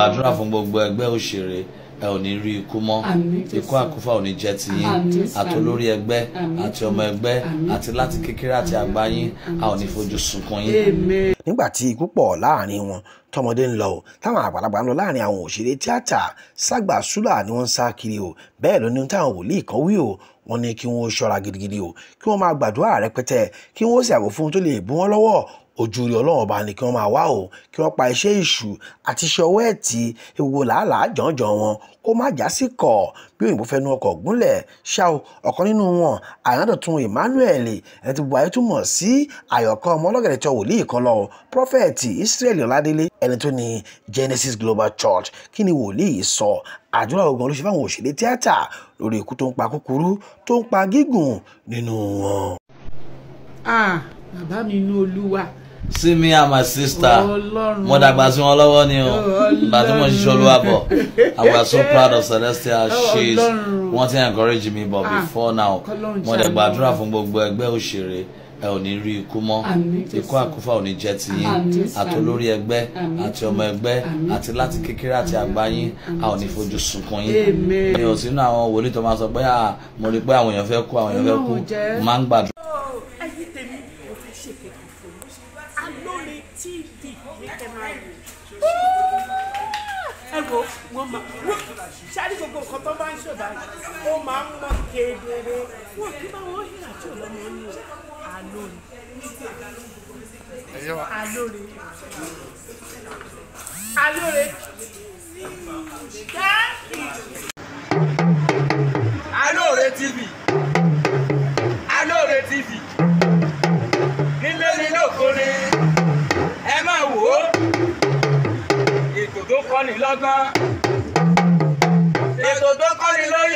gbàdúrà fún gbogbo ẹgbẹ́ òṣèré ẹ ò ní rí ikú mọ́ ikú àkúfà ò ní jẹ́ ti yín àti olórí ẹgbẹ́ àti ọmọ ẹgbẹ́ àti láti kékeré àti àgbà yín a ò ní fojú sunkún yín. nígbà tí ikú pọ̀ láàrin wọn tọmọdé ń lọ o táwọn àgbàlagbà ń lọ láàrin àwọn òṣèré tíátà ságbà súlà ni wọ́n ń sá kiri o bẹ́ẹ̀ ló ní táwọn wòlíì kan wí o wọ́n ní kí wọ́n ṣọ́ra gidigidi o kí wọ́n máa gbàdúrà rẹpẹtẹ kí wọ́n sì àbò fún tó lè bú wọn lọ́wọ́ ojú rí ọlọ́run ọba ni kí wọ́n máa wá o kí wọ́n pa iṣẹ́ èṣù àti iṣẹ́ ọwọ́ ẹ̀tì ewu làálàá jọ̀ǹjọ̀ wọn kó má já sí kọ̀ bí òyìnbó fẹnu ọkọ̀ gúnlẹ̀ ṣá o ọ̀kan nínú wọn àyàndọ̀tun Emmanuel ẹni tí buhari túmọ̀ sí àyọ̀kọ́ ọmọ ọlọ́gẹ̀dẹ̀ tó wòlíì kan lọ prọfẹ̀tì Israel Ọládélé ẹni tó ní Genesis Global Church kí ni wòlíì sọ àdúrà ogun ló ṣe fáwọn òṣèré tíátà lórí ikú tó ń pa kúkúrú tó ń pa gígùn nínú wọn. ah bàbá mi inú olúwa See me and ah, my sister mo dàgbà sí wọn lọ́wọ́ ni o ìgbà tí mo ṣiṣẹ́ olúwa I was so proud of Celestial she's wọ́n ti encourage me but ah, before now mo dẹ̀ gbàdúrà fún gbogbo ẹgbẹ́ òṣèré ẹ ò ní rí ikú mọ́ ikú àkúfà ò ní jẹ́ ti yín àti olórí ẹgbẹ́ àti ọmọ ẹgbẹ́ àti láti kékeré àti àgbà a ò ní fojú sunkún yín mi ò sínú àwọn wòlíì tó máa sọ pé ah, mo rí pé àwọn èèyàn fẹ́ kú àwọn èèyàn fẹ́ kú máa ń gbàdúrà. ẹ wo wọn máa wọn ṣáàdì gbogbo nǹkan tó bá ń ṣe báyìí ó máa ń mọ kedere wọn kí máa wọn yìí àti ọlọmọ ní o àlórí àlórí àlórí dáàbì. Alore TV Alore TV nílé ní lóko ni ẹ máa wò ó ètò tó kọ́ni lọ́gbọ́n ètò tó kọ́ni lóyè.